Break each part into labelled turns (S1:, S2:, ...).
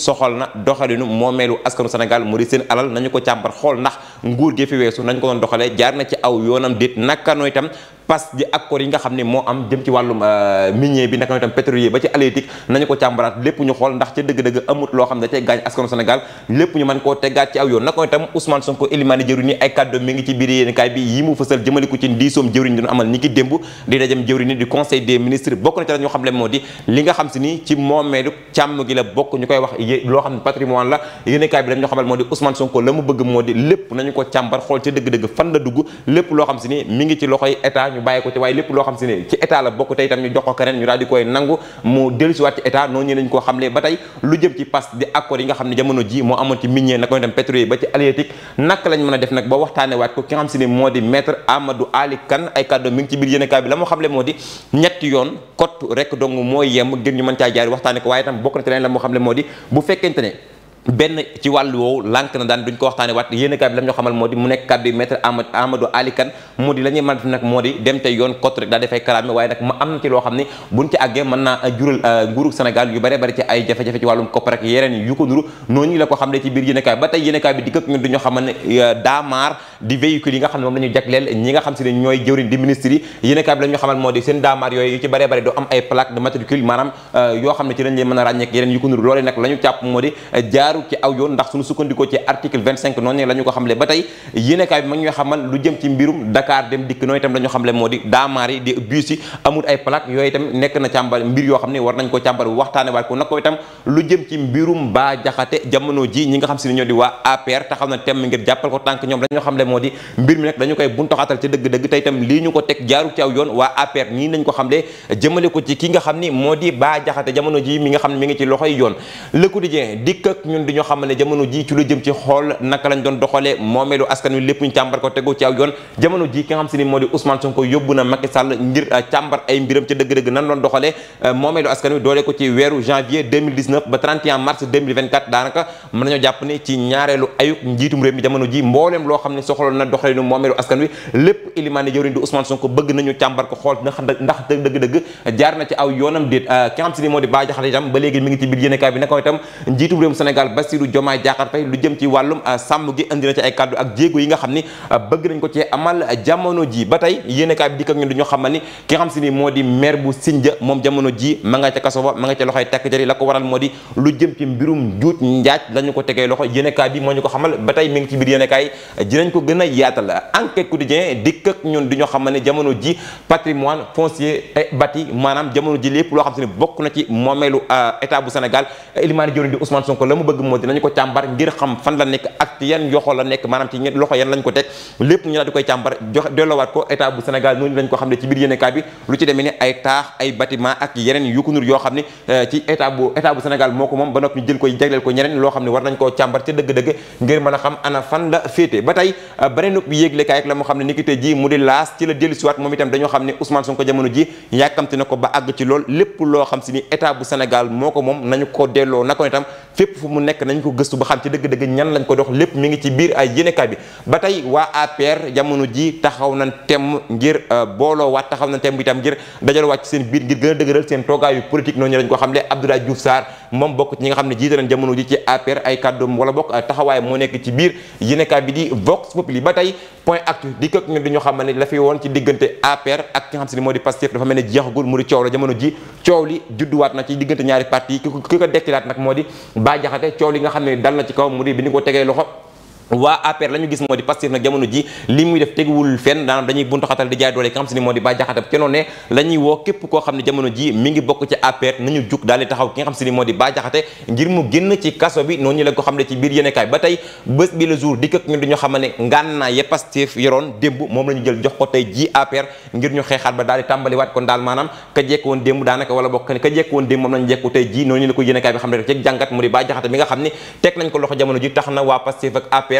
S1: soxal na doxalinu moomeelu askanu Sénégal mu di seen alal nañu ko càmbar xool ndax nguur gi fi weesu nañu ko doon doxalee jaar na ci aw yoonam déet naka noo tam passe ji accord yi nga xam euh, ci ndiisoom jëwriñ doon amal ni ki démb di dajam jëwriñ di conseil des ministres bokk na ci la ñu xam ne moo di lépp nañu ko càmbar xool ca dëgg-dëgg fan la dugg lépp loo xam si ni mi ngi ci loxoy état ñu bàyyi ko ci waaye lépp loo xam si ne ci état la bokk tey itam ñu jox ko keneen ñu daal di koy nangu mu dellusiwaat ci état noonu lañ koo xamle ba tey lu jëm ci pass di accord yi nga xam ne jamono ji moo amoon ci minier nag itam pétrolier ba ci halieutique naka lañ mën a def nag ba waxtaane waat ko ki nga xam si ne moo di maître Amadou Ali Kane ay kàddoom mi ci biir yéenekaay bi la moo xamle moo di ñetti yoon kot rek dong mooy yem ngir ñu benn ci wàll woowu lànk na daan duñ ko waxtaane waat yéen bi lam xamal moo di mu nekk kàddu yi maître Amadou Ali Kane moo di la ñuy a def nag moo di dem tey yoon cot rek daal defay karaame waaye nag ma am na ci loo xam ne buñ ci àggee mën naa jural euh, nguuru Sénégal yu bare bari ci ay jafe-jafe ci wàllum koppar ak yeneen yu ko nuru noonu la ko xam ne ci biir yéen kat ba tey yéen kat bi di këk ñun duñoo xamal ne euh, daamaar di véhicule yi nga xam ne moom la ñu jagleel ñi nga xam si ne ñooy jëwriñ di ministre yi yéen euh, euh, waa APR taxaw na temm ngir jàppal ko tànk ñoom la ñu xamle moo di mbir mi nag dañu koy buntaxaatal ca dëgg-dëgg tey itam lii ñu ko teg jaaru ci aw yoon waa APR ñii nañ ko xamle jëmale ci ki nga xam ni moo di Bah Diakhaté jamono ji ci lu jëm ci xool naka lañ doon doxalee moomeelu askan wi lépp ñu càmbar ko tegu ci aw yoon jamono ji ki nga xam si moo di Ousmane Sonko yóbbu na Macky Sall ngir euh, càmbar ay mbiram ca dëgg-dëgg nan doon doxalee euh, moomeelu askan wi doole ko ci weeru janvier 2019 ba 31 mars 2024 soxla na doxalinu moomeelu askan wi lépp ko xool ndax ndax dëgg euh, moo di Bah Diakhaté ba léegi mi ngi ci biir yéenekaay bi naka itam euh, euh, ko ci ba tey yéenekaay bi ma nga ca kaso ba ma nga ca loxoy tekk jëri la ko waral moo ci mbirum njuut bi moo ñu ko xamal ba tey mi ngi ci biir yéenekaay dinañ ko gën a yaatal enquête quotidien dikk ak ñun di ñoo xam ne jamono ji patrimoine foncier et bâti maanaam jamono ji lépp loo xam se bokk na ci moomeelu euh, état bu Sénégal Elimane Dior di Ousmane Sonko la mu bëgg moo dinañu ko càmbar ngir xam fan la nekk ak yan yoxoo la nekk maanaam ci loxo yan lañ ko teg lépp ñu daal di koy càmbar joxe delloowaat ko état bu Sénégal noonu lañ ko xam ne ci biir yéenekaay bi lu ci demee ne ay taax ay bâtiment ak yeneen yu ko nur yoo xam ne euh, ci état bu état bu Sénégal moo ko moom ba nopp ñu jël koy jagleel ko ñeneen loo xam ne war nañ koo càmbar ci dëgg-dëgg ngir mën a xam ana fan la féete ba tey beneen yéeglekaay ak la moo xam ne ni ki tey ji mu di laas ci la dellu siwaat moom itam dañoo xam ne Ousmane Sonko jamono ji yàkkamti na ko ba àgg ci lool lépp loo xam si ni état bu Sénégal moo ko moom nañu ko delloo na ko itam fépp fu mu nekk nañ ko gëstu ba xam ci dëgg-dëgg ñan lañ ko dox lépp mu ngi ci biir ay yéenekaay bi ba tey waa APR jamono ji taxaw nañ temm ngir euh, booloo waat taxaw nañ temm itam ngir dajal waat ci seen biir ngir gën a dëgëral seen toogaayu politique noonu lañ ko xam le Abdoulaye Diouf Sarr moom bokk ci nga xam ne jiite nañ jamono ji ci APR ay kàddoom wala bokk euh, taxawaay moo nekk ci biir yéenekaay bi di Vox Populi ba tey point ñoo xam ne la woon ci diggante APR moo di Pastef dafa mel ne jeexagul mu di coow la jamono ji coow li judduwaat na ci diggante ñaari parti ki ko dekkilaat nag moo di Bah Diakhaté coow li nga xam ne dal na ci kaw mu di bi ko tegee loxo waa APR la gis moo di Pastef nag jamono ji li muy def teguwul fenn daanam dañuy buntu xatal di jaay doole ki nga xam si ni moo di ko xam ne ba tey bi nga xam ne teg nañ ko loxo jamono ji tax na waa Pastef ak APR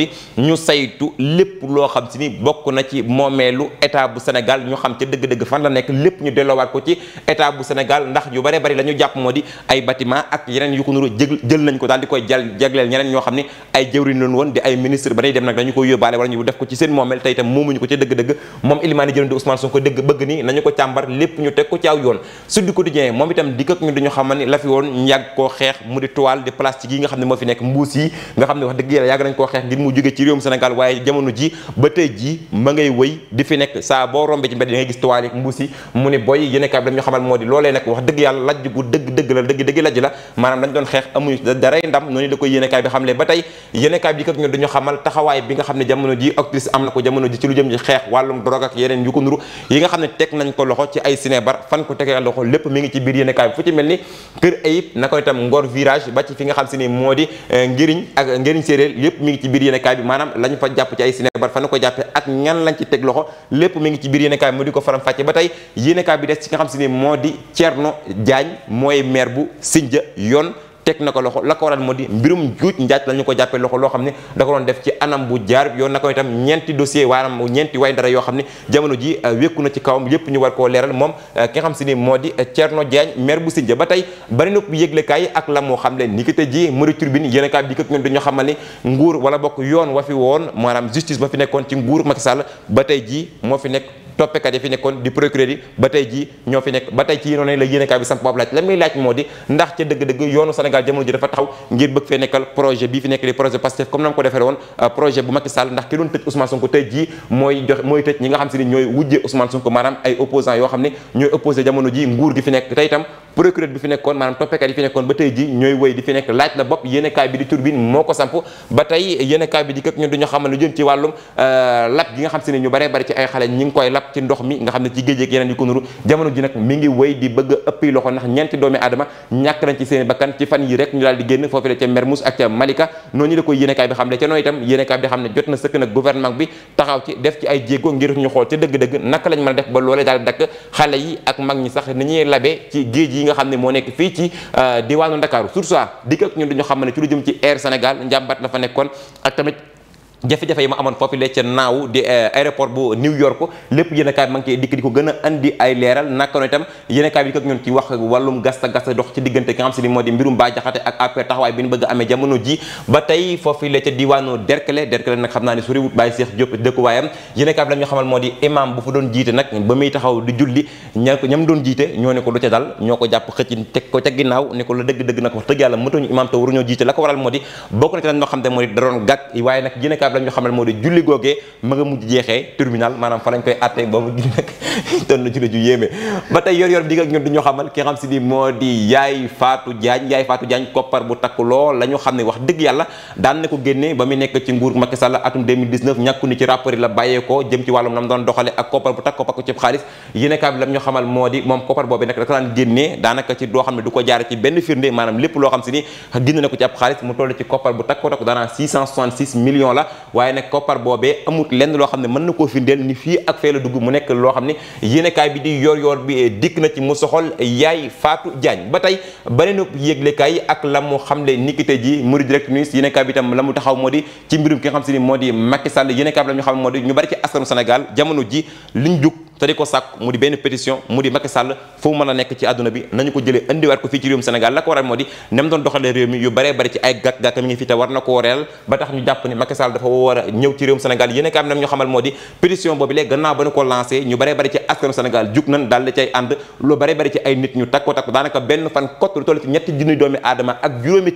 S1: di ñu saytu lépp loo xam si ni bokk na ci moomeelu état bu Sénégal ñu xam ca dëgg-dëgg fan la nekk lépp ñu delloowaat ko ci état bu Sénégal ndax yu bare bari la jàpp moo di ay ministre ba nay dem nag dañu ko yóbbaale wala ñu def ko ci seen moomeel tey itam moomuñu ko ca dëgg-dëgg moom Ilimani Jëlandi Ousmane Sonko dëgg bëgg ni nañu ko càmbar lépp ñu teg ko ci aw yoon Sud Quotidien moom itam dikk ñu dañu xamal ni la woon ñu yàgg koo xeex mu jóge ci réewum Sénégal waaye jamono ji ba tey ji ma ngay wëy di fi nekk saa boo rombee ci mbedd da ngay gis tuwaale mbuusi la dëgg dëgg lajj la maanaam ba yi nga xam ne teg nañ ko loxo ci ay sinébar fan ko tegee loxo lépp mi ngi ci biir yéne kaay ci mel ni kër ayib na ko itam ngor virage ba ci fi nga xam si ni moo di eh, ngiriñ ak ngiriñ séeréer lépp mi ngi ci biir yéne yéenekaay bi maanaam lañu fa jàpp ci ay sinébar fan ko jàppee ak ñan lañ ci teg loxo lépp mi ngi ci biir yéenekaay bi mu di ko faram fàcce ba tey yéenekaay bi des ci nga xam si ne moo di Thierno Diagne mooy maire bu Sindia Yon teg na ko loxo la ko waral moo di mbirum juuj njaaj la ñu ko jàppee loxo loo xam ne da ko doon def ci anam bu jaar yoon na ko itam ñeenti dossier waanam ñeenti way dara yoo xam ne jamono ji euh, wékku na ci kawam yépp ñu war koo leeral moom euh, ki nga xam si ni moo di euh, Thierno Diagne maire bu Sindia ba tey bari na yëglekaay ak la moo xam le ni ki te ji mëri turbine yéen akaay bi këk ñoom dañoo xamal ni nguur wala bokk yoon wa fi woon maanaam justice ba fi nekkoon ci nguur Macky Sall ba tey ji moo fi nekk toppekat yi fi nekkoon di procureur yi ba tey jii ñoo fi nekk ba tey jii ñooy wujje di fi nekk laaj la bopp yéenekaay bi di turbine moo ko samp ba tey yéenekaay bi di këkk ñun duñu xamal lu jëm ci wàllum euh, lap gi nga xam si ni ñu bare bari ci ay xale ñi ngi koy lap duggaat ci ndox mi nga xam ne ci géej yeneen yu ko nuru jamono ji nag mi ngi wéy di bëgg ëppi loxo ndax ñeenti doomi aadama ñàkk nañ ci seen bakkan ci fan yi rek ñu daal di génn foofu la ca Mermoz xam ne jot na sëkk nag gouvernement bi taxaw ci def ci ay jéego ngir ñu xool ca dëgg-dëgg naka lañ mën a def ba loolee daal dakk xale yi ak mag ñi sax ni ñuy labee ci géej yi nga xam ne moo nekk fii ci euh, diwaanu Ndakaaru sursoir dikk ak ñun dañu xam ne ci lu jëm ci jafe-jafe yi ma amoon foofu lee ca naaw di eh, aéroport bu New York lépp yéen a kaay ma ngi di ko gën a andi ay leeral naka noonu itam yéen a ko ñun a amee jamono ji ba tey foofu lee ca diwaanu Derklé a kaay bi la ñu xamal moo di Pape xamal moo di lañ koy xam moo di Yaay Fatou Diagne Yaay Fatou Diagne koppar bu takku xam ne wax dëgg yàlla daan na ko génnee ba mu nekk ci nguur Macky Sall atum moo di moom koppar boobu nag da ko daan génnee daanaka ci doo xam ne du ko jaare ci benn firnde maanaam lépp loo xam si ni génn na ko ci ab xaalis mu toll ci koppar bu takk takk daanaa 666 la waaye nag koppar boobee amut lenn loo xam ne mën na koo firndeel ni fii ak fee la dugg mu nekk loo xam ne yéenekaay bi di yor yor bi eh, dikk na ci mu soxol yaay Fatou Diagne ba tey beneen yëglekaay ak la mu xamle nikite ji muri direct news yéenekaay bi itam la mu taxaw moo di ci mbirum ki nga xam si ni moo di Macky Sall yéenekaay bi la xam moo di ñu bari ci askanu Sénégal jamono ji liñ jug te di ko sàkk mu di benn pétition mu di Macky Sall foo a nekk ci àdduna bi nañu ko jëlee indiwaat ko fii ci réewum Sénégal la ko waral moo di nem doon doxalee réew mi yu baree bari ci ay gàkk-gàkk mi ngi fi te war na koo reel ba tax ñu jàpp ni Macky dafa war a ñëw ci réewum Sénégal yéen a kaam ñu xamal moo di pétition boobu léegi gannaaw ba ñu ko lancé ñu baree bari ci askanu Sénégal jug nan daal di ànd lu baree bari ci ay nit ñu takko takko daanaka benn fan kott lu toll ci ñetti ak juróomi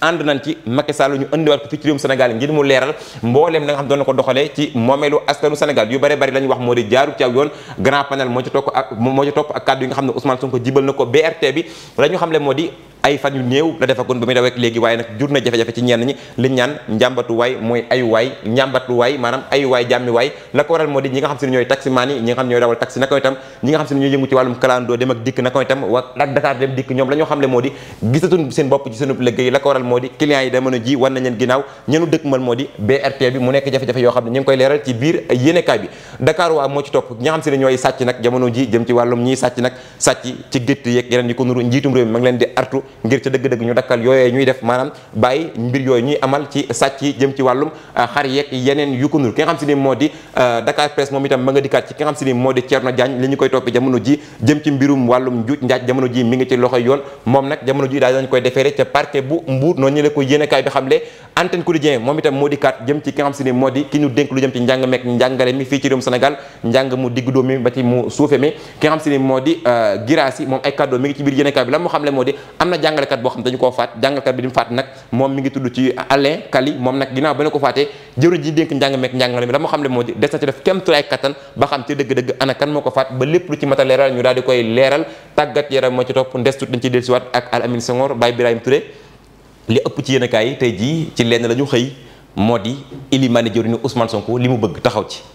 S1: ànd nañ ci Macky Sall ñu indiwaat ko fii ci réewum Sénégal ngir mu leeral mbooleem na nga xam doon na ko doxalee ci moomeelu askanu Sénégal yu bare bëri la ñu wax moo di jaaru ci aw yoon grand panel moo ci topp ak moo ci topp ak kàddu yi nga xam ne Ousmane Sonko jibal na ko BRT bi la ñu xam le moo di ay fan yu néew la defagoon ba muy daweek léegi waaye nag jur na jafe-jafe ci ñenn ñi liñ ñaan njàmbatuwaay mooy ayuwaay njàmbatuwaay maanaam ayuwaay jàmmiwaay la ko waral moo di ñi nga xam si ñooy taximaan yi ñooy dawal taxi naka itam ñi nga xam wa ak Dakar dem dikk ñoom la ñoo xam ne moo di gisatuñ seen bopp ci seenub liggéey la ko waral moo di clients yi demono ji wan nañ leen ginnaaw ñenu moo di BRT bi mu nekk jafe-jafe yoo xam ne ñu koy leeral ci biir yéenekaay bi ngir ca dëgg-dëgg ñu dakkal yooyee ñuy def maanaam bàyyi mbir yooyu ñuy amal ci sàcc yi jëm ci wàllum euh, xar yeeg yeneen yu ko nur ki nga xam si ni moo di euh, Dakar Presse ki nga koy toppee jamono ji jëm ci mbirum wàllum njuuj njaaj jamono ji mi ngi ci loxoy yoon moom nag jamono ji daal dañ koy defeere ca parquet bu Mbour noonu ñu la ko yéenekaay bi xamle moom itam moo di moo di ki ñu dénk lu jëm ci njàng meek njàngale mi fii ci réewum Sénégal njàng mu diggu dóom mi ba ci mu suufe mi ki nga xam si ni moo di euh, Girassi moom ay kàddoo mi ngi ci biir yéenekaay bi la mu xamle moo di am na jàngalekat boo xam dañu koo faat jàngalekat bi di mu faat nag moom mi ngi tudd ci Alain Kali moom nag ginnaaw ba ko faatee jëru ji dénk njàng meek njàngale mi la moo xam ne moo di des na ci def kem tulaay kattan ba xam ci dëgg-dëgg ana kan moo ko faat ba lépp lu ci mat a leeral ñu daal koy leeral tàggat yaram moo ci topp ndes tut dañ ciy dellusiwaat ak Al Amine Senghor Baye Birahim Touré li ëpp ci yéenekaay yi tey jii ci lenn la ñu xëy moo di Ilimani jëriñu Ousmane Sonko li mu bëgg taxaw ci